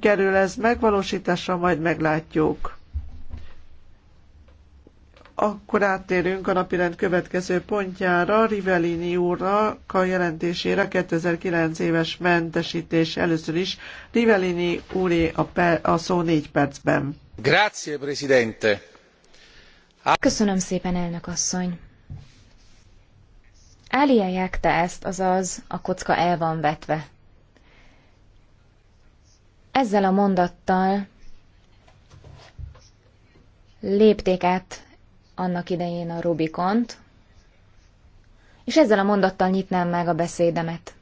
kerül ez megvalósításra, majd meglátjuk. Akkor áttérünk a napirend következő pontjára, Rivellini úrnak a jelentésére 2009 éves mentesítés először is. Rivellini úré a, a szó négy percben. Grazie, Presidente. Köszönöm szépen, elnök asszony. Ália jágta ezt, azaz a kocka el van vetve ezzel a mondattal lépték át annak idején a Rubikont, és ezzel a mondattal nyitnám meg a beszédemet.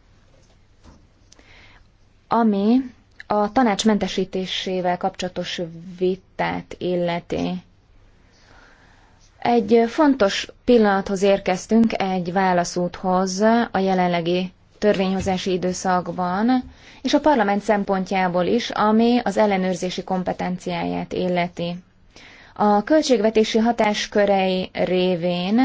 Ami a tanács mentesítésével kapcsolatos vitát illeti. Egy fontos pillanathoz érkeztünk, egy válaszúthoz a jelenlegi törvényhozási időszakban, és a parlament szempontjából is, ami az ellenőrzési kompetenciáját illeti. A költségvetési hatáskörei révén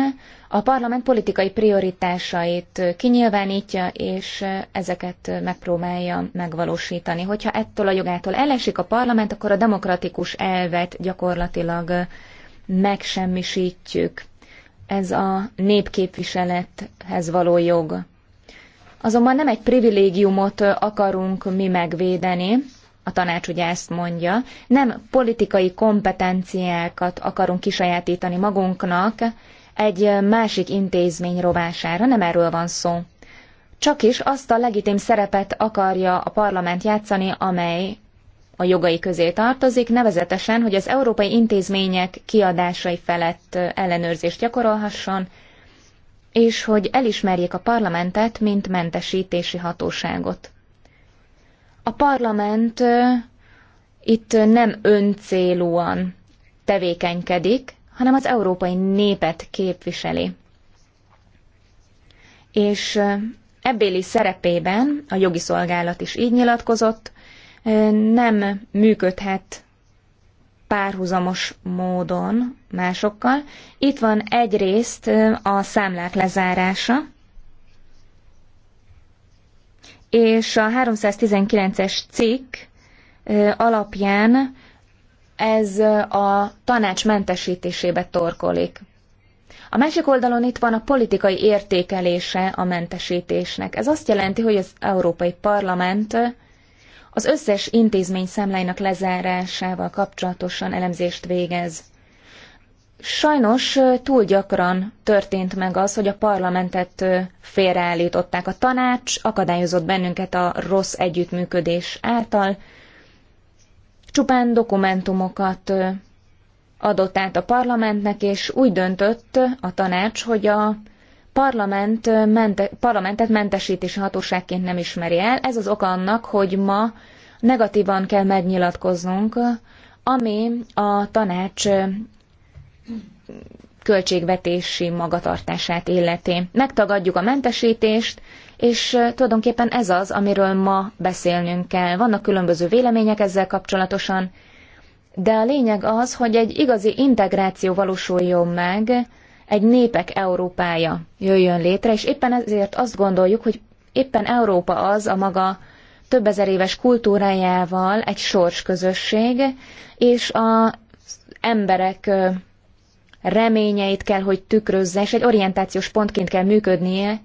a parlament politikai prioritásait kinyilvánítja, és ezeket megpróbálja megvalósítani. Hogyha ettől a jogától elesik a parlament, akkor a demokratikus elvet gyakorlatilag megsemmisítjük. Ez a népképviselethez való jog. Azonban nem egy privilégiumot akarunk mi megvédeni, a tanács ugye ezt mondja, nem politikai kompetenciákat akarunk kisajátítani magunknak egy másik intézmény rovására, nem erről van szó. Csak is azt a legitim szerepet akarja a parlament játszani, amely a jogai közé tartozik, nevezetesen, hogy az európai intézmények kiadásai felett ellenőrzést gyakorolhasson, és hogy elismerjék a parlamentet, mint mentesítési hatóságot. A parlament itt nem öncélúan tevékenykedik, hanem az európai népet képviseli. És ebbéli szerepében, a jogi szolgálat is így nyilatkozott, nem működhet párhuzamos módon másokkal. Itt van egyrészt a számlák lezárása, és a 319-es cikk alapján ez a tanács mentesítésébe torkolik. A másik oldalon itt van a politikai értékelése a mentesítésnek. Ez azt jelenti, hogy az Európai Parlament az összes intézmény számláinak lezárásával kapcsolatosan elemzést végez. Sajnos túl gyakran történt meg az, hogy a parlamentet félreállították. A tanács akadályozott bennünket a rossz együttműködés által, csupán dokumentumokat adott át a parlamentnek, és úgy döntött a tanács, hogy a parlament mente, parlamentet mentesítési hatóságként nem ismeri el. Ez az oka annak, hogy ma negatívan kell megnyilatkoznunk, ami a tanács költségvetési magatartását illeti. Megtagadjuk a mentesítést, és tulajdonképpen ez az, amiről ma beszélnünk kell. Vannak különböző vélemények ezzel kapcsolatosan, de a lényeg az, hogy egy igazi integráció valósuljon meg egy népek Európája jöjjön létre, és éppen ezért azt gondoljuk, hogy éppen Európa az a maga több ezer éves kultúrájával egy közösség, és az emberek reményeit kell, hogy tükrözze, és egy orientációs pontként kell működnie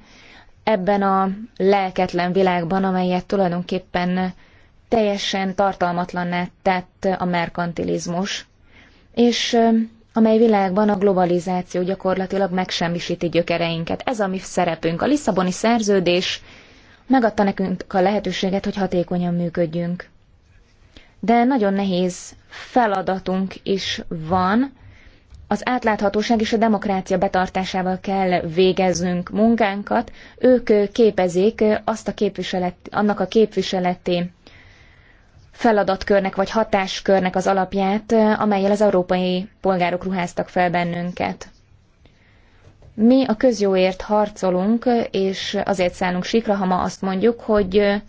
ebben a lelketlen világban, amelyet tulajdonképpen teljesen tartalmatlanná tett a merkantilizmus. És amely világban a globalizáció gyakorlatilag megsemmisíti gyökereinket. Ez a mi szerepünk. A Lisszaboni szerződés megadta nekünk a lehetőséget, hogy hatékonyan működjünk. De nagyon nehéz feladatunk is van, az átláthatóság és a demokrácia betartásával kell végeznünk munkánkat. Ők képezik azt a képviselet, annak a képviseleti feladatkörnek vagy hatáskörnek az alapját, amelyel az európai polgárok ruháztak fel bennünket. Mi a közjóért harcolunk, és azért szállunk sikra, ha ma azt mondjuk, hogy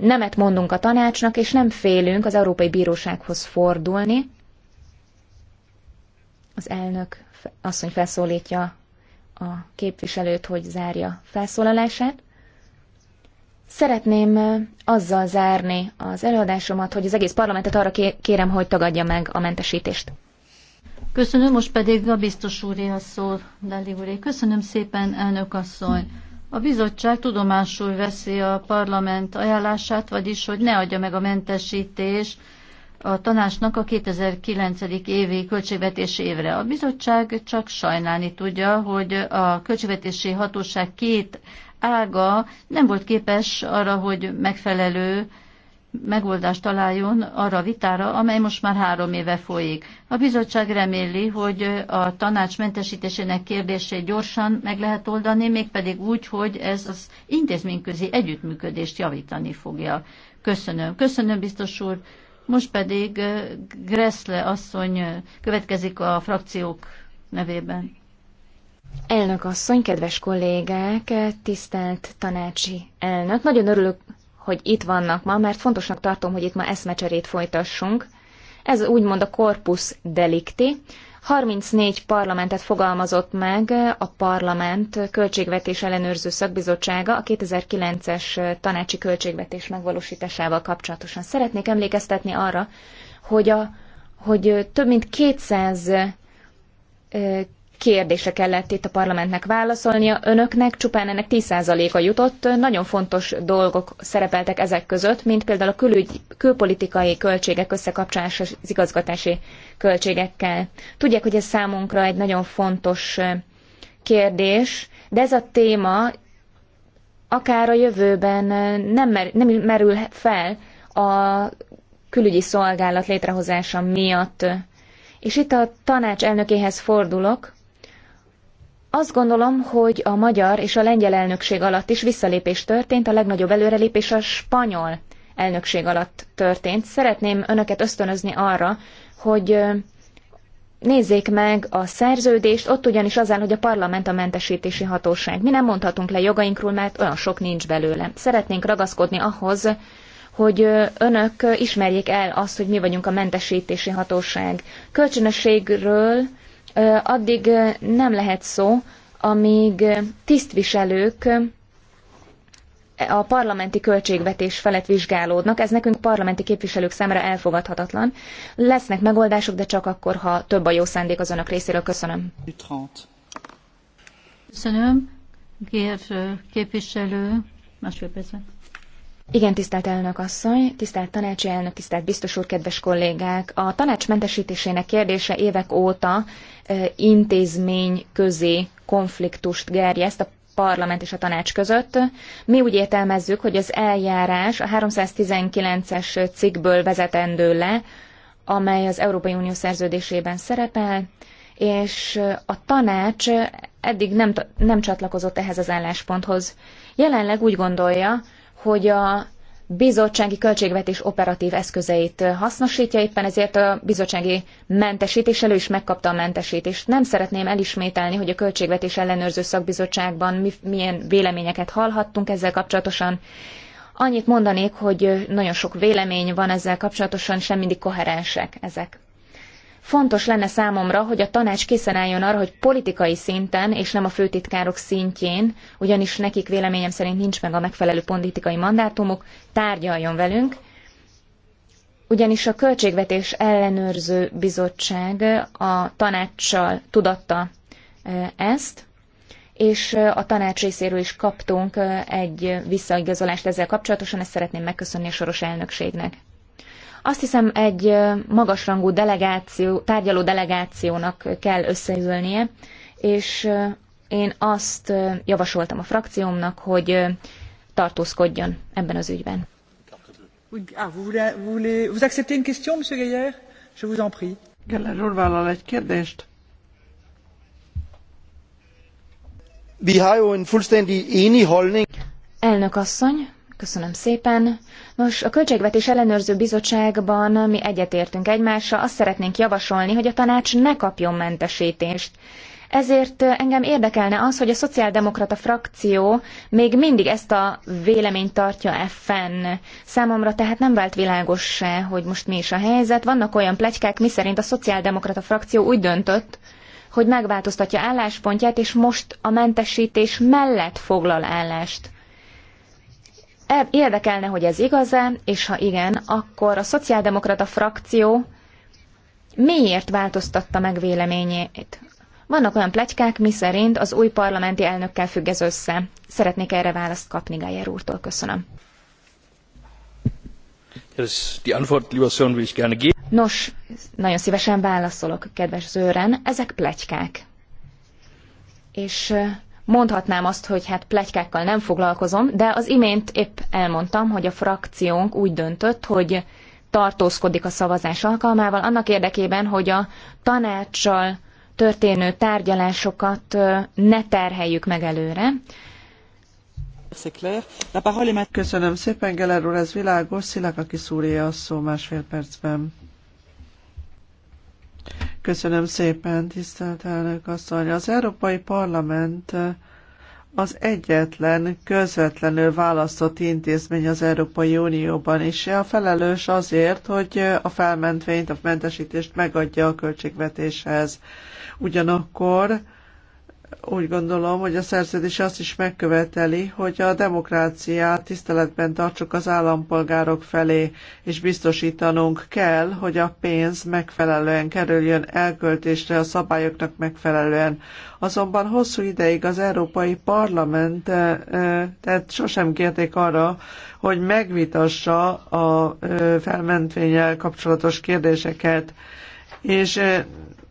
nemet mondunk a tanácsnak, és nem félünk az Európai Bírósághoz fordulni. Az elnök asszony felszólítja a képviselőt, hogy zárja felszólalását. Szeretném azzal zárni az előadásomat, hogy az egész parlamentet arra kérem, hogy tagadja meg a mentesítést. Köszönöm, most pedig a biztos úr a szó, Deli úré. Köszönöm szépen, elnök asszony. A bizottság tudomásul veszi a parlament ajánlását, vagyis, hogy ne adja meg a mentesítés a tanácsnak a 2009. évi költségvetési évre. A bizottság csak sajnálni tudja, hogy a költségvetési hatóság két ága nem volt képes arra, hogy megfelelő megoldást találjon arra a vitára, amely most már három éve folyik. A bizottság reméli, hogy a tanács mentesítésének kérdését gyorsan meg lehet oldani, mégpedig úgy, hogy ez az intézményközi együttműködést javítani fogja. Köszönöm. Köszönöm, biztos úr. Most pedig eh, greszle asszony eh, következik a frakciók nevében. Elnök asszony, kedves kollégák, tisztelt tanácsi elnök, nagyon örülök, hogy itt vannak ma, mert fontosnak tartom, hogy itt ma eszmecserét folytassunk. Ez úgymond a corpus delikti. 34 parlamentet fogalmazott meg a parlament költségvetés ellenőrző szakbizottsága a 2009-es tanácsi költségvetés megvalósításával kapcsolatosan. Szeretnék emlékeztetni arra, hogy, a, hogy több mint 200 kérdésre kellett itt a parlamentnek válaszolnia. Önöknek csupán ennek 10%-a jutott. Nagyon fontos dolgok szerepeltek ezek között, mint például a külügy, külpolitikai költségek összekapcsolása az igazgatási költségekkel. Tudják, hogy ez számunkra egy nagyon fontos kérdés, de ez a téma akár a jövőben nem, mer, nem merül fel a külügyi szolgálat létrehozása miatt. És itt a tanács elnökéhez fordulok, azt gondolom, hogy a magyar és a lengyel elnökség alatt is visszalépés történt, a legnagyobb előrelépés a spanyol elnökség alatt történt. Szeretném önöket ösztönözni arra, hogy nézzék meg a szerződést, ott ugyanis az áll, hogy a parlament a mentesítési hatóság. Mi nem mondhatunk le jogainkról, mert olyan sok nincs belőle. Szeretnénk ragaszkodni ahhoz, hogy önök ismerjék el azt, hogy mi vagyunk a mentesítési hatóság. Kölcsönösségről addig nem lehet szó, amíg tisztviselők a parlamenti költségvetés felett vizsgálódnak. Ez nekünk parlamenti képviselők számára elfogadhatatlan. Lesznek megoldások, de csak akkor, ha több a jó szándék az önök részéről. Köszönöm. Köszönöm. Gér képviselő, másfél percben. Igen, tisztelt elnök asszony, tisztelt tanácsi elnök, tisztelt biztos úr, kedves kollégák! A tanács mentesítésének kérdése évek óta intézmény közé konfliktust gerjeszt a parlament és a tanács között. Mi úgy értelmezzük, hogy az eljárás a 319-es cikkből vezetendő le, amely az Európai Unió szerződésében szerepel, és a tanács eddig nem, nem csatlakozott ehhez az állásponthoz. Jelenleg úgy gondolja, hogy a bizottsági költségvetés operatív eszközeit hasznosítja, éppen ezért a bizottsági mentesítés elő is megkapta a mentesítést. Nem szeretném elismételni, hogy a költségvetés ellenőrző szakbizottságban milyen véleményeket hallhattunk ezzel kapcsolatosan. Annyit mondanék, hogy nagyon sok vélemény van ezzel kapcsolatosan, sem mindig koherensek ezek. Fontos lenne számomra, hogy a tanács készen álljon arra, hogy politikai szinten, és nem a főtitkárok szintjén, ugyanis nekik véleményem szerint nincs meg a megfelelő politikai mandátumuk, tárgyaljon velünk, ugyanis a Költségvetés Ellenőrző Bizottság a tanácssal tudatta e, ezt, és e, a tanács részéről is kaptunk e, egy visszaigazolást ezzel kapcsolatosan, ezt szeretném megköszönni a soros elnökségnek. Azt hiszem, egy magasrangú delegáció, tárgyaló delegációnak kell összeülnie, és én azt javasoltam a frakciómnak, hogy tartózkodjon ebben az ügyben. Ah, vous une question, Monsieur Gaillard Je vous en prie. Geller úr vállal egy kérdést. Vi har jo en fuldstændig enig holdning. Elnök asszony, Köszönöm szépen. Nos, a Költségvetés Ellenőrző Bizottságban mi egyetértünk egymással, azt szeretnénk javasolni, hogy a tanács ne kapjon mentesítést. Ezért engem érdekelne az, hogy a szociáldemokrata frakció még mindig ezt a véleményt tartja-e fenn. Számomra tehát nem vált világos se, hogy most mi is a helyzet. Vannak olyan plegykák, miszerint a szociáldemokrata frakció úgy döntött, hogy megváltoztatja álláspontját, és most a mentesítés mellett foglal állást. E, érdekelne, hogy ez igaz-e, és ha igen, akkor a szociáldemokrata frakció miért változtatta meg véleményét? Vannak olyan plegykák, miszerint az új parlamenti elnökkel függ ez össze. Szeretnék erre választ kapni Gájer úrtól. Köszönöm. Nos, nagyon szívesen válaszolok, kedves Zőren, ezek plegykák. És mondhatnám azt, hogy hát plegykákkal nem foglalkozom, de az imént épp elmondtam, hogy a frakciónk úgy döntött, hogy tartózkodik a szavazás alkalmával, annak érdekében, hogy a tanácssal történő tárgyalásokat ne terheljük meg előre. Köszönöm szépen, Geller úr, ez világos. Szilák, aki szúrja a szó másfél percben. Köszönöm szépen, tisztelt elnök asszony. Az Európai Parlament az egyetlen közvetlenül választott intézmény az Európai Unióban, és a felelős azért, hogy a felmentvényt, a mentesítést megadja a költségvetéshez. Ugyanakkor úgy gondolom, hogy a szerződés azt is megköveteli, hogy a demokráciát tiszteletben tartsuk az állampolgárok felé, és biztosítanunk kell, hogy a pénz megfelelően kerüljön elköltésre a szabályoknak megfelelően. Azonban hosszú ideig az Európai Parlament eh, eh, tehát sosem kérték arra, hogy megvitassa a eh, felmentvényel kapcsolatos kérdéseket és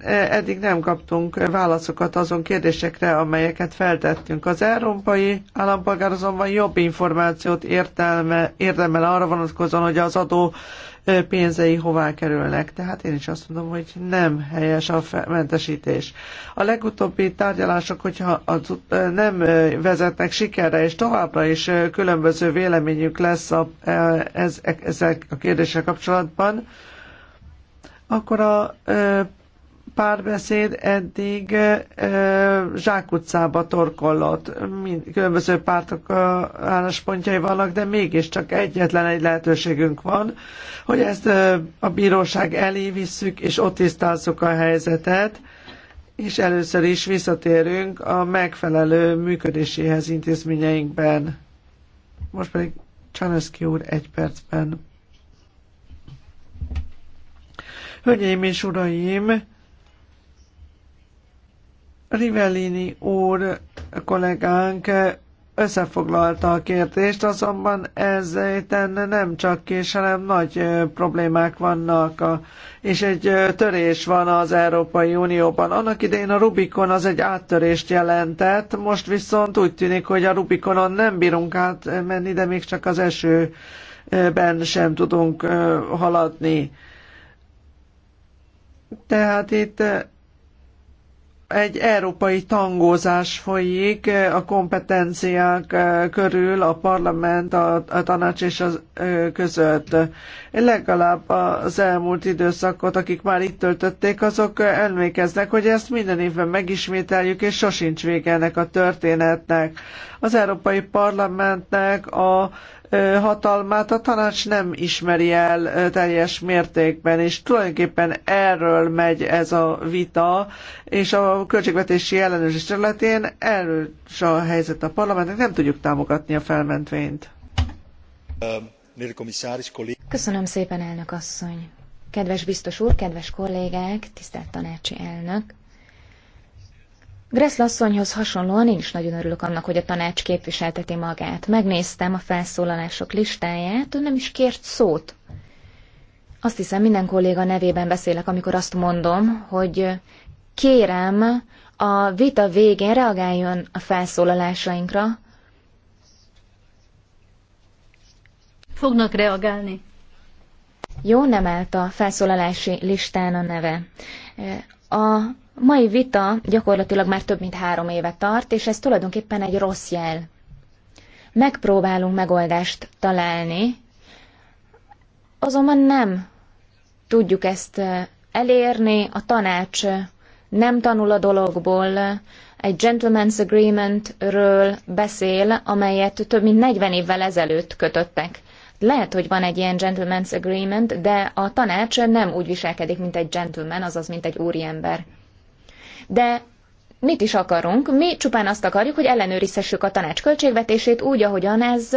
E, eddig nem kaptunk válaszokat azon kérdésekre, amelyeket feltettünk. Az európai állampolgár azonban jobb információt értelme, érdemel arra vonatkozóan, hogy az adó e, pénzei hová kerülnek. Tehát én is azt mondom, hogy nem helyes a mentesítés. A legutóbbi tárgyalások, hogyha az, e, nem vezetnek sikerre, és továbbra is különböző véleményünk lesz a, ez, ezek a kérdések kapcsolatban, akkor a párbeszéd eddig zsákutcába torkollott. Mind, különböző pártok álláspontjai vannak, de mégiscsak egyetlen egy lehetőségünk van, hogy ezt a bíróság elé visszük, és ott tisztázzuk a helyzetet, és először is visszatérünk a megfelelő működéséhez intézményeinkben. Most pedig Csaneszki úr egy percben. Hölgyeim és uraim, Rivellini úr kollégánk összefoglalta a kérdést, azonban ez nem csak kis, hanem nagy problémák vannak, és egy törés van az Európai Unióban. Annak idején a Rubikon az egy áttörést jelentett, most viszont úgy tűnik, hogy a Rubikonon nem bírunk átmenni, de még csak az esőben sem tudunk haladni. Tehát itt egy európai tangózás folyik eh, a kompetenciák eh, körül a parlament, a, a tanács és az eh, között. Legalább az elmúlt időszakot, akik már itt töltötték, azok emlékeznek, hogy ezt minden évben megismételjük, és sosincs vége ennek a történetnek. Az Európai Parlamentnek a hatalmát a tanács nem ismeri el teljes mértékben, és tulajdonképpen erről megy ez a vita, és a költségvetési ellenőrzés területén erős a helyzet a parlamentnek, nem tudjuk támogatni a felmentvényt. Köszönöm szépen, elnök asszony! Kedves biztos úr, kedves kollégák, tisztelt tanácsi elnök! Gressl asszonyhoz hasonlóan én is nagyon örülök annak, hogy a tanács képviselteti magát. Megnéztem a felszólalások listáját, ő nem is kért szót. Azt hiszem, minden kolléga nevében beszélek, amikor azt mondom, hogy kérem, a vita végén reagáljon a felszólalásainkra. Fognak reagálni. Jó nem állt a felszólalási listán a neve. A mai vita gyakorlatilag már több mint három éve tart, és ez tulajdonképpen egy rossz jel. Megpróbálunk megoldást találni, azonban nem tudjuk ezt eh, elérni, a tanács eh, nem tanul a dologból, eh, egy gentleman's ről beszél, amelyet több mint 40 évvel ezelőtt kötöttek. Lehet, hogy van egy ilyen gentleman's agreement, de a tanács nem úgy viselkedik, mint egy gentleman, azaz, mint egy úriember de mit is akarunk? Mi csupán azt akarjuk, hogy ellenőrizhessük a tanács költségvetését úgy, ahogyan ez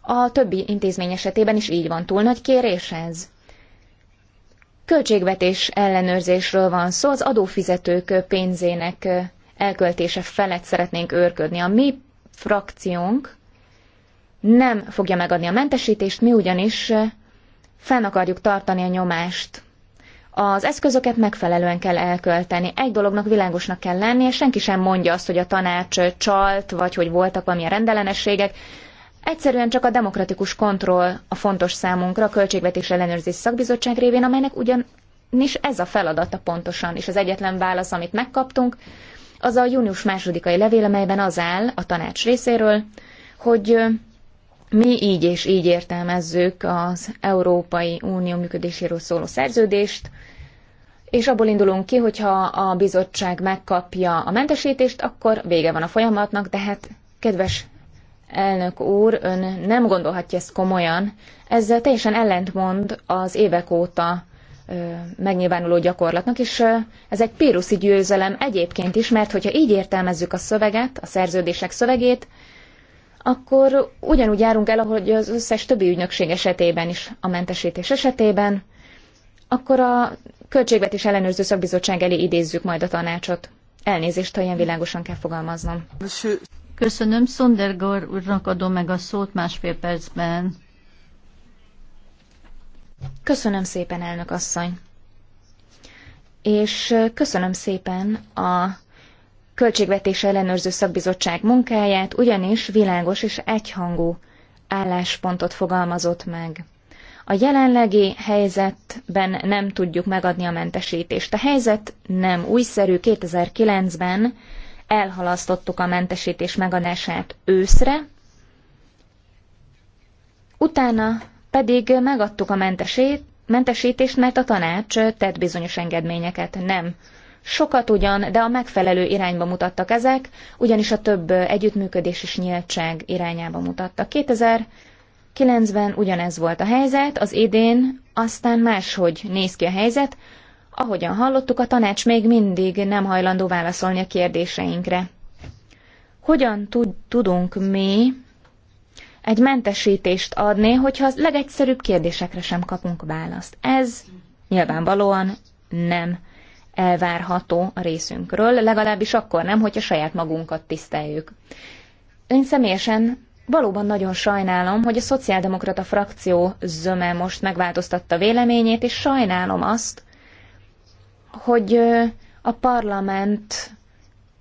a többi intézmény esetében is így van. Túl nagy kérés ez? Költségvetés ellenőrzésről van szó, az adófizetők pénzének elköltése felett szeretnénk őrködni. A mi frakciónk nem fogja megadni a mentesítést, mi ugyanis fenn akarjuk tartani a nyomást az eszközöket megfelelően kell elkölteni. Egy dolognak világosnak kell lenni, és senki sem mondja azt, hogy a tanács csalt, vagy hogy voltak valamilyen rendellenességek. Egyszerűen csak a demokratikus kontroll a fontos számunkra a Költségvetés Ellenőrzés Szakbizottság révén, amelynek ugyanis ez a feladata pontosan, és az egyetlen válasz, amit megkaptunk, az a június másodikai levél, amelyben az áll a tanács részéről, hogy mi így és így értelmezzük az Európai Unió működéséről szóló szerződést, és abból indulunk ki, hogyha a bizottság megkapja a mentesítést, akkor vége van a folyamatnak, tehát kedves elnök úr, ön nem gondolhatja ezt komolyan. Ezzel teljesen ellentmond az évek óta megnyilvánuló gyakorlatnak, és ez egy píruszi győzelem egyébként is, mert hogyha így értelmezzük a szöveget, a szerződések szövegét, akkor ugyanúgy járunk el, ahogy az összes többi ügynökség esetében is a mentesítés esetében, akkor a költségvetés ellenőrző szakbizottság elé idézzük majd a tanácsot. Elnézést, ha ilyen világosan kell fogalmaznom. Köszönöm, Szondergor úrnak adom meg a szót másfél percben. Köszönöm szépen, elnök asszony. És köszönöm szépen a Költségvetés ellenőrző szakbizottság munkáját, ugyanis világos és egyhangú álláspontot fogalmazott meg. A jelenlegi helyzetben nem tudjuk megadni a mentesítést. A helyzet nem újszerű. 2009-ben elhalasztottuk a mentesítés megadását őszre, utána pedig megadtuk a mentesét, mentesítést, mert a tanács tett bizonyos engedményeket, nem Sokat ugyan, de a megfelelő irányba mutattak ezek, ugyanis a több együttműködés és nyíltság irányába mutattak. 2009-ben ugyanez volt a helyzet, az idén aztán máshogy néz ki a helyzet, ahogyan hallottuk, a tanács még mindig nem hajlandó válaszolni a kérdéseinkre. Hogyan tud, tudunk mi egy mentesítést adni, hogyha az legegyszerűbb kérdésekre sem kapunk választ? Ez nyilvánvalóan nem elvárható a részünkről, legalábbis akkor nem, hogyha saját magunkat tiszteljük. Én személyesen valóban nagyon sajnálom, hogy a szociáldemokrata frakció zöme most megváltoztatta véleményét, és sajnálom azt, hogy a parlament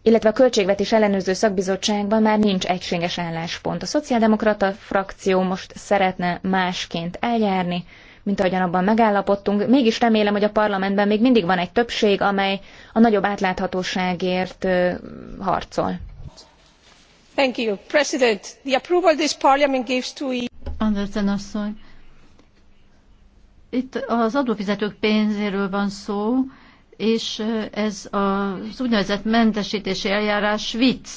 illetve a Költségvetés Ellenőrző Szakbizottságban már nincs egységes álláspont. A szociáldemokrata frakció most szeretne másként eljárni, mint ahogyan abban megállapodtunk. Mégis remélem, hogy a parlamentben még mindig van egy többség, amely a nagyobb átláthatóságért harcol. Thank you, President. The approval this parliament gives to e Andersen asszony. Itt az adófizetők pénzéről van szó, és ez az úgynevezett mentesítési eljárás vicc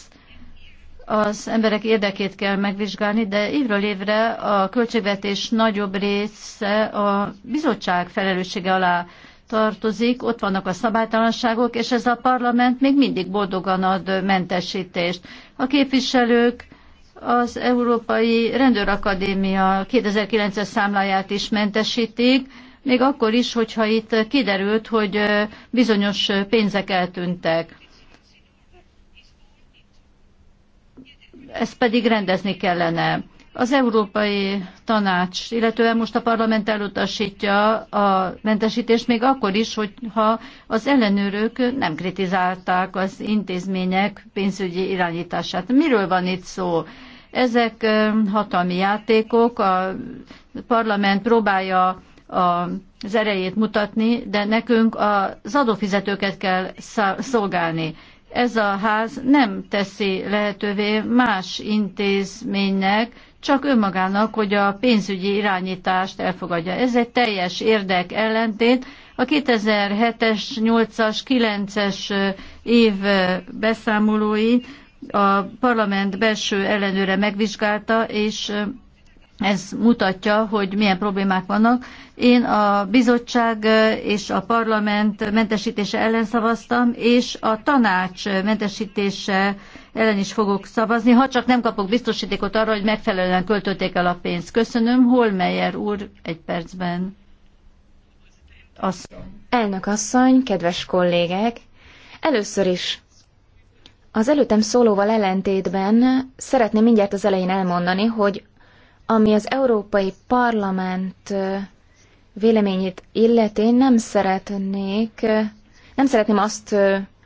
az emberek érdekét kell megvizsgálni, de évről évre a költségvetés nagyobb része a bizottság felelőssége alá tartozik, ott vannak a szabálytalanságok, és ez a parlament még mindig boldogan ad mentesítést. A képviselők az Európai Rendőrakadémia 2009-es számláját is mentesítik, még akkor is, hogyha itt kiderült, hogy bizonyos pénzek eltűntek. ezt pedig rendezni kellene. Az Európai Tanács, illetően most a parlament elutasítja a mentesítést még akkor is, hogyha az ellenőrök nem kritizálták az intézmények pénzügyi irányítását. Miről van itt szó? Ezek hatalmi játékok, a parlament próbálja az erejét mutatni, de nekünk az adófizetőket kell szolgálni ez a ház nem teszi lehetővé más intézménynek, csak önmagának, hogy a pénzügyi irányítást elfogadja. Ez egy teljes érdek ellentét. A 2007-es, 8-as, 9-es év beszámolói a parlament belső ellenőre megvizsgálta, és ez mutatja, hogy milyen problémák vannak. Én a bizottság és a parlament mentesítése ellen szavaztam, és a tanács mentesítése ellen is fogok szavazni, ha csak nem kapok biztosítékot arra, hogy megfelelően költötték el a pénzt. Köszönöm. Holmeyer úr, egy percben. Asszony. Elnök asszony, kedves kollégek! Először is az előttem szólóval ellentétben szeretném mindjárt az elején elmondani, hogy ami az Európai Parlament véleményét illeti, nem szeretnék, nem szeretném azt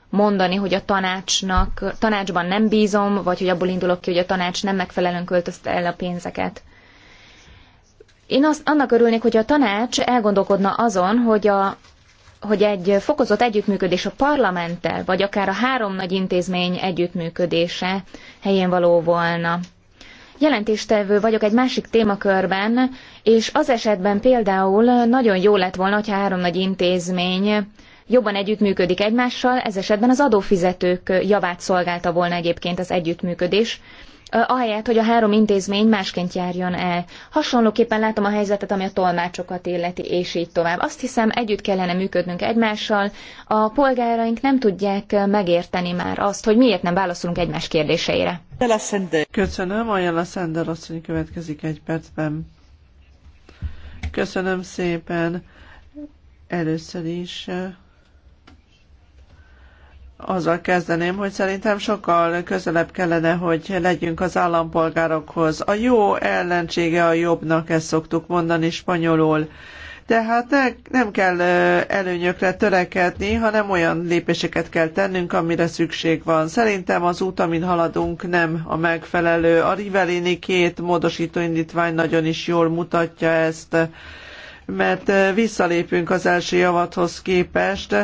mondani, hogy a tanácsnak, tanácsban nem bízom, vagy hogy abból indulok ki, hogy a tanács nem megfelelően költözte el a pénzeket. Én azt, annak örülnék, hogy a tanács elgondolkodna azon, hogy, a, hogy egy fokozott együttműködés a parlamenttel, vagy akár a három nagy intézmény együttműködése helyén való volna. Jelentéstevő vagyok egy másik témakörben, és az esetben például nagyon jó lett volna, hogyha három nagy intézmény jobban együttműködik egymással, ez esetben az adófizetők javát szolgálta volna egyébként az együttműködés, ahelyett, hogy a három intézmény másként járjon el. Hasonlóképpen látom a helyzetet, ami a tolmácsokat illeti, és így tovább. Azt hiszem, együtt kellene működnünk egymással. A polgáraink nem tudják megérteni már azt, hogy miért nem válaszolunk egymás kérdéseire. Köszönöm, Ajala Szender asszony következik egy percben. Köszönöm szépen. Először is eh, azzal kezdeném, hogy szerintem sokkal közelebb kellene, hogy legyünk az állampolgárokhoz. A jó ellensége a jobbnak, ezt szoktuk mondani spanyolul. Tehát ne, nem kell előnyökre törekedni, hanem olyan lépéseket kell tennünk, amire szükség van. Szerintem az út, amin haladunk, nem a megfelelő. A Rivelini két módosító indítvány nagyon is jól mutatja ezt, mert visszalépünk az első javathoz képest,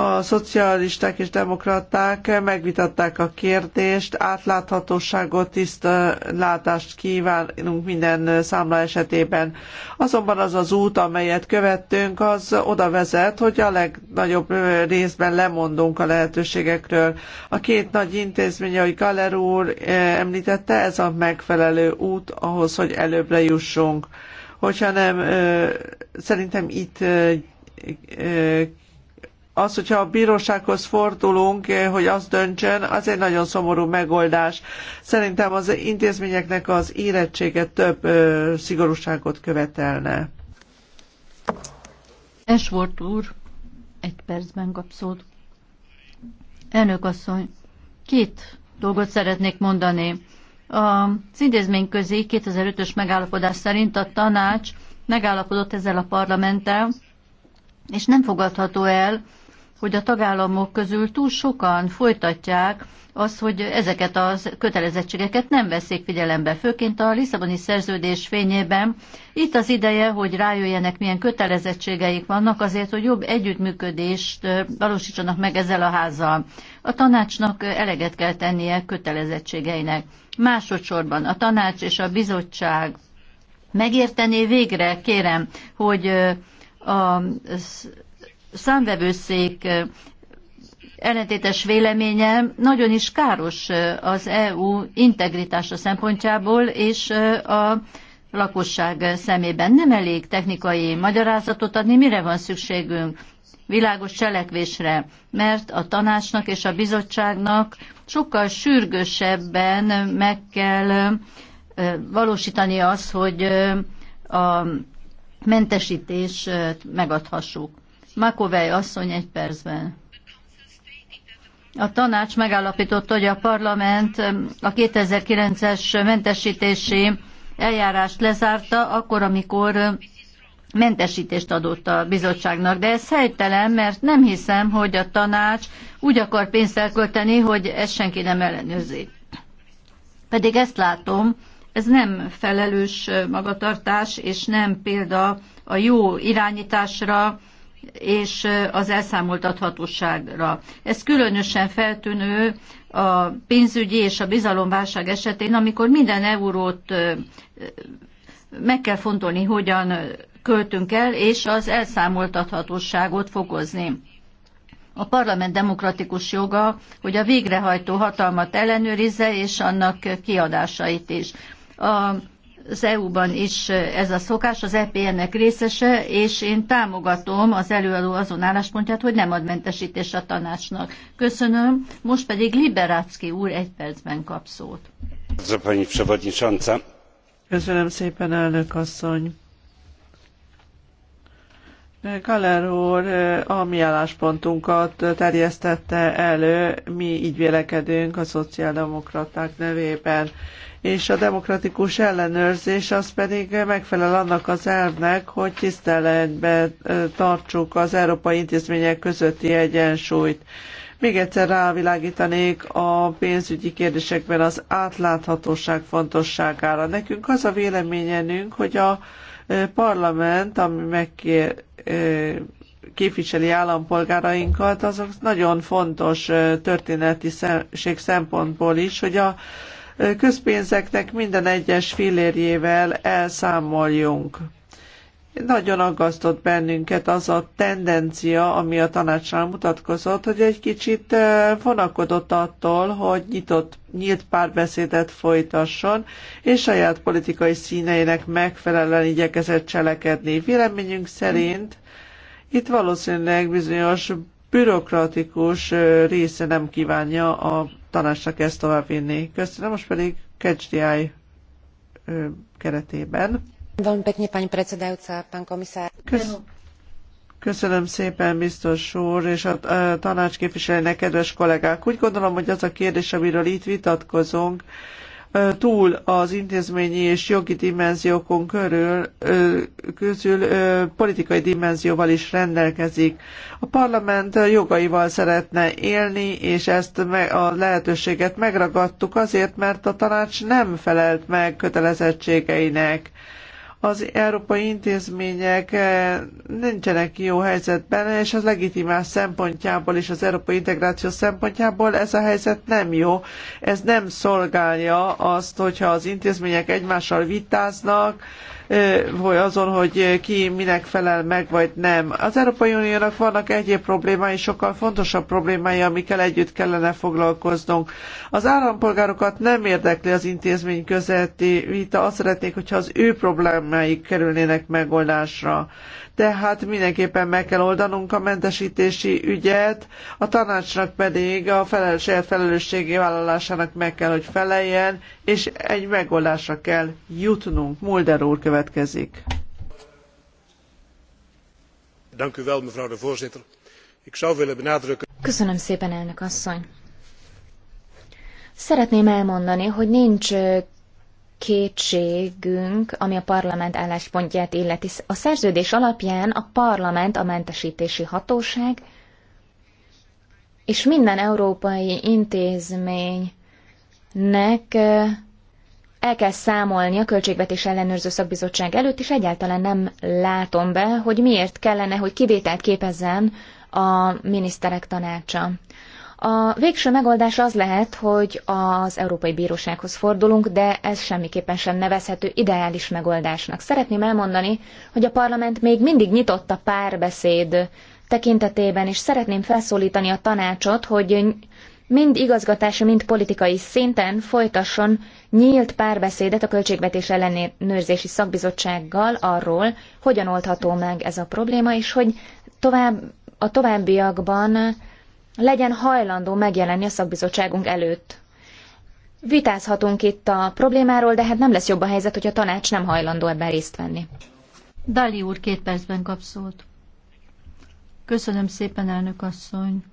a szocialisták és demokraták megvitatták a kérdést, átláthatóságot, tiszta látást kívánunk minden számla esetében. Azonban az az út, amelyet követtünk, az oda vezet, hogy a legnagyobb részben lemondunk a lehetőségekről. A két nagy intézmény, ahogy Galler úr említette, ez a megfelelő út ahhoz, hogy előbbre jussunk. Hogyha nem, szerintem itt az, hogyha a bírósághoz fordulunk, eh, hogy az döntsön, az egy nagyon szomorú megoldás. Szerintem az intézményeknek az érettsége több ö, eh, szigorúságot követelne. Esvort úr, egy percben kapszód. Elnök asszony, két dolgot szeretnék mondani. Az intézmény közé 2005-ös megállapodás szerint a tanács megállapodott ezzel a parlamenttel, és nem fogadható el, hogy a tagállamok közül túl sokan folytatják azt, hogy ezeket a kötelezettségeket nem veszik figyelembe. Főként a Lisszaboni szerződés fényében itt az ideje, hogy rájöjjenek, milyen kötelezettségeik vannak azért, hogy jobb együttműködést valósítsanak meg ezzel a házzal. A tanácsnak eleget kell tennie kötelezettségeinek. Másodszorban a tanács és a bizottság megértené végre, kérem, hogy a számvevőszék ellentétes véleménye nagyon is káros az EU integritása szempontjából és a lakosság szemében. Nem elég technikai magyarázatot adni, mire van szükségünk világos cselekvésre, mert a tanácsnak és a bizottságnak sokkal sürgősebben meg kell valósítani az, hogy a mentesítést megadhassuk. Makovej asszony egy percben. A tanács megállapította, hogy a parlament a 2009-es mentesítési eljárást lezárta, akkor, amikor mentesítést adott a bizottságnak, de ez helytelen, mert nem hiszem, hogy a tanács úgy akar pénzt elkölteni, hogy ezt senki nem ellenőrzi. Pedig ezt látom, ez nem felelős magatartás, és nem példa a jó irányításra, és az elszámoltathatóságra. Ez különösen feltűnő a pénzügyi és a bizalomválság esetén, amikor minden eurót meg kell fontolni, hogyan költünk el, és az elszámoltathatóságot fokozni. A parlament demokratikus joga, hogy a végrehajtó hatalmat ellenőrizze, és annak kiadásait is. A az EU-ban is ez a szokás, az EPN-nek részese, és én támogatom az előadó azon álláspontját, hogy nem ad mentesítés a tanácsnak. Köszönöm. Most pedig Liberácki úr egy percben kap szót. Köszönöm szépen, elnök asszony. Kaller úr a mi álláspontunkat terjesztette elő, mi így vélekedünk a szociáldemokraták nevében és a demokratikus ellenőrzés az pedig megfelel annak az elvnek, hogy tiszteletben tartsuk az európai intézmények közötti egyensúlyt. Még egyszer rávilágítanék a pénzügyi kérdésekben az átláthatóság fontosságára. Nekünk az a véleményenünk, hogy a parlament, ami megkér, képviseli állampolgárainkat, azok nagyon fontos történeti szempontból is, hogy a közpénzeknek minden egyes fillérjével elszámoljunk. Nagyon aggasztott bennünket az a tendencia, ami a tanácsnál mutatkozott, hogy egy kicsit eh, vonakodott attól, hogy nyitott, nyílt párbeszédet folytasson, és saját politikai színeinek megfelelően igyekezett cselekedni. Véleményünk szerint itt valószínűleg bizonyos bürokratikus eh, része nem kívánja a kell ezt továbbvinni. Köszönöm, most pedig KCDI keretében. Veľmi pekne, pani predsedajúca, pán komisár. Köszönöm szépen, biztos úr, és a tanács kedves kollégák. Úgy gondolom, hogy az a kérdés, amiről itt vitatkozunk, túl az intézményi és jogi dimenziókon körül, közül politikai dimenzióval is rendelkezik. A parlament jogaival szeretne élni, és ezt a lehetőséget megragadtuk azért, mert a tanács nem felelt meg kötelezettségeinek az európai intézmények eh, nincsenek jó helyzetben, és az legitimás szempontjából és az európai integráció szempontjából ez a helyzet nem jó. Ez nem szolgálja azt, hogyha az intézmények egymással vitáznak, eh, vagy azon, hogy ki minek felel meg, vagy nem. Az Európai Uniónak vannak egyéb problémái, sokkal fontosabb problémái, amikkel együtt kellene foglalkoznunk. Az állampolgárokat nem érdekli az intézmény közötti vita, azt szeretnék, hogyha az ő problém problémáik kerülnének megoldásra. Tehát mindenképpen meg kell oldanunk a mentesítési ügyet, a tanácsnak pedig a felel, saját felelősségi vállalásának meg kell, hogy feleljen, és egy megoldásra kell jutnunk. Mulder úr következik. Köszönöm szépen, elnök asszony. Szeretném elmondani, hogy nincs kétségünk, ami a parlament álláspontját illeti. A szerződés alapján a parlament a mentesítési hatóság, és minden európai intézménynek el kell számolni a Költségvetés Ellenőrző Szakbizottság előtt, és egyáltalán nem látom be, hogy miért kellene, hogy kivételt képezzen a miniszterek tanácsa. A végső megoldás az lehet, hogy az Európai Bírósághoz fordulunk, de ez semmiképpen sem nevezhető ideális megoldásnak. Szeretném elmondani, hogy a parlament még mindig nyitott a párbeszéd tekintetében, és szeretném felszólítani a tanácsot, hogy mind igazgatási, mind politikai szinten folytasson nyílt párbeszédet a Költségvetés ellenőrzési szakbizottsággal arról, hogyan oldható meg ez a probléma, és hogy tovább, a továbbiakban legyen hajlandó megjelenni a szakbizottságunk előtt. Vitázhatunk itt a problémáról, de hát nem lesz jobb a helyzet, hogy a tanács nem hajlandó ebben részt venni. Dali úr két percben kap szót. Köszönöm szépen, elnök asszony.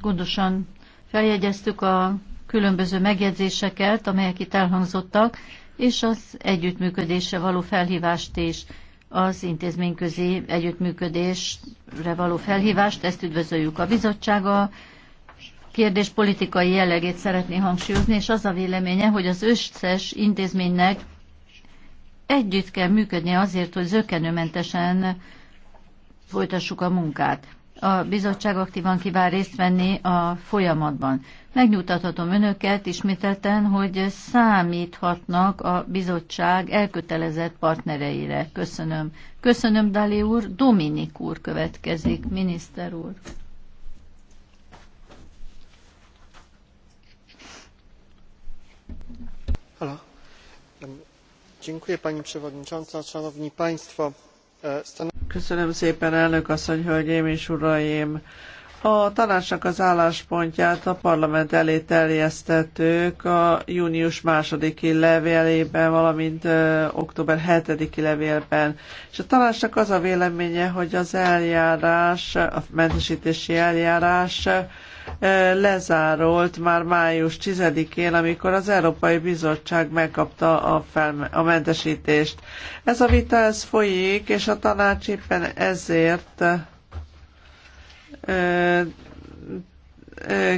Gondosan feljegyeztük a különböző megjegyzéseket, amelyek itt elhangzottak, és az együttműködésre való felhívást is az intézményközi együttműködésre való felhívást, ezt üdvözöljük a bizottsága. Kérdés politikai jellegét szeretné hangsúlyozni, és az a véleménye, hogy az összes intézménynek együtt kell működni azért, hogy zökenőmentesen folytassuk a munkát a bizottság aktívan kíván részt venni a folyamatban. Megnyugtathatom önöket ismételten, hogy számíthatnak a bizottság elkötelezett partnereire. Köszönöm. Köszönöm, Dali úr. Dominik úr következik, miniszter úr. Hello. Dziękuję pani przewodnicząca, szanowni państwo. E, Stan Köszönöm szépen, elnök asszony, hölgyeim és uraim! A tanácsnak az álláspontját a parlament elé terjesztettük a június másodiki levélében, valamint ö, október 7-i levélben. És a tanácsnak az a véleménye, hogy az eljárás, a mentesítési eljárás ö, már május 10-én, amikor az Európai Bizottság megkapta a, felme- a mentesítést. Ez a vita ez folyik, és a tanács éppen ezért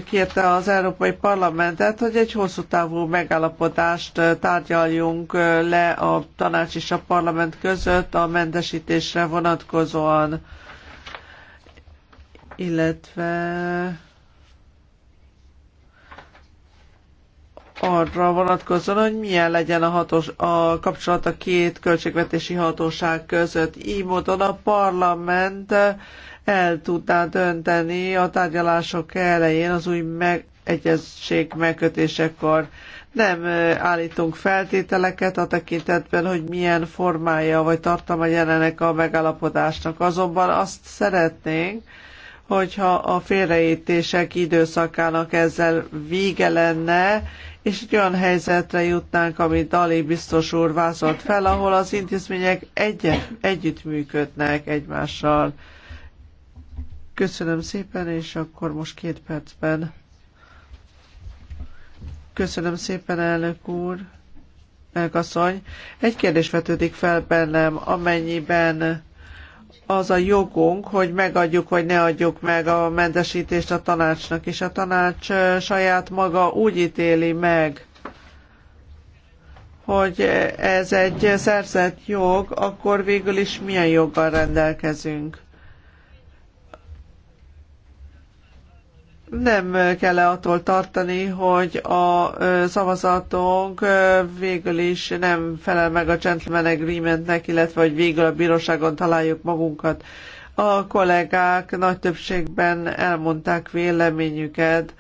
kérte az Európai Parlamentet, hogy egy hosszú távú megállapodást tárgyaljunk le a tanács és a parlament között a mentesítésre vonatkozóan, illetve arra vonatkozóan, hogy milyen legyen a, hatós, a kapcsolat a két költségvetési hatóság között. Így módon a parlament el tudná dönteni a tárgyalások elején az új meg, egyezség megkötésekor. Nem állítunk feltételeket a tekintetben, hogy milyen formája vagy tartalma jelenek a megállapodásnak. Azonban azt szeretnénk, hogyha a félreértések időszakának ezzel vége lenne, és egy olyan helyzetre jutnánk, amit Dali biztos úr vázolt fel, ahol az intézmények egy együttműködnek egymással. Köszönöm szépen, és akkor most két percben. Köszönöm szépen, elnök úr, elkasszony. Egy kérdés vetődik fel bennem, amennyiben az a jogunk, hogy megadjuk vagy ne adjuk meg a mentesítést a tanácsnak, és a tanács saját maga úgy ítéli meg, hogy ez egy szerzett jog, akkor végül is milyen joggal rendelkezünk. nem kell -e attól tartani, hogy a szavazatunk végül is nem felel meg a Gentleman Agreementnek, illetve hogy végül a bíróságon találjuk magunkat. A kollégák nagy többségben elmondták véleményüket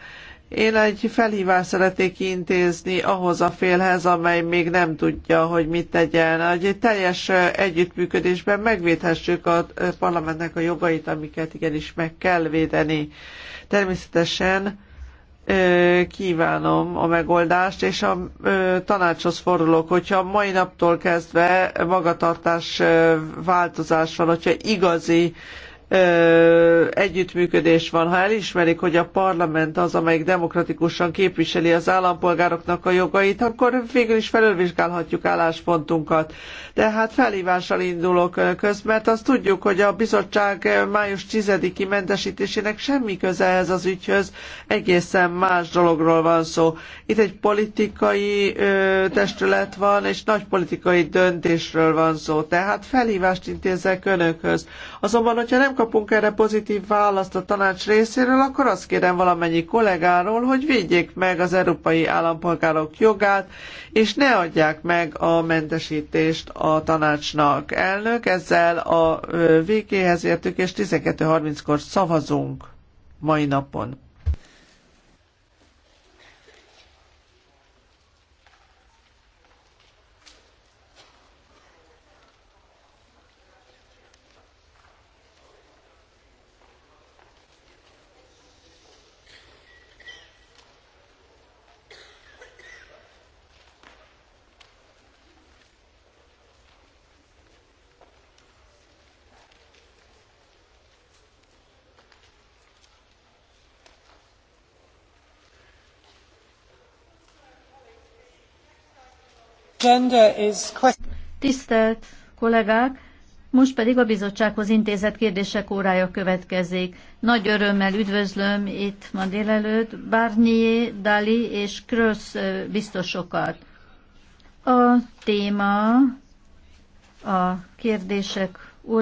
én egy felhívást szeretnék intézni ahhoz a félhez, amely még nem tudja, hogy mit tegyen. Hogy egy teljes együttműködésben megvédhessük a parlamentnek a jogait, amiket igenis meg kell védeni. Természetesen kívánom a megoldást, és a tanácshoz fordulok, hogyha mai naptól kezdve magatartás változás van, hogyha igazi együttműködés van. Ha elismerik, hogy a parlament az, amelyik demokratikusan képviseli az állampolgároknak a jogait, akkor végül is felülvizsgálhatjuk álláspontunkat. De hát felhívással indulok köz, mert azt tudjuk, hogy a bizottság május 10-i mentesítésének semmi köze ez az ügyhöz, egészen más dologról van szó. Itt egy politikai ö, testület van, és nagy politikai döntésről van szó. Tehát felhívást intézek önökhöz, Azonban, hogyha nem kapunk erre pozitív választ a tanács részéről, akkor azt kérem valamennyi kollégáról, hogy védjék meg az európai állampolgárok jogát, és ne adják meg a mentesítést a tanácsnak. Elnök, ezzel a végéhez értük, és 12.30-kor szavazunk mai napon. Tisztelt kollégák! Most pedig a bizottsághoz intézett kérdések órája következik. Nagy örömmel üdvözlöm itt ma délelőtt Barnier, Dali és Krösz biztosokat. A téma a kérdések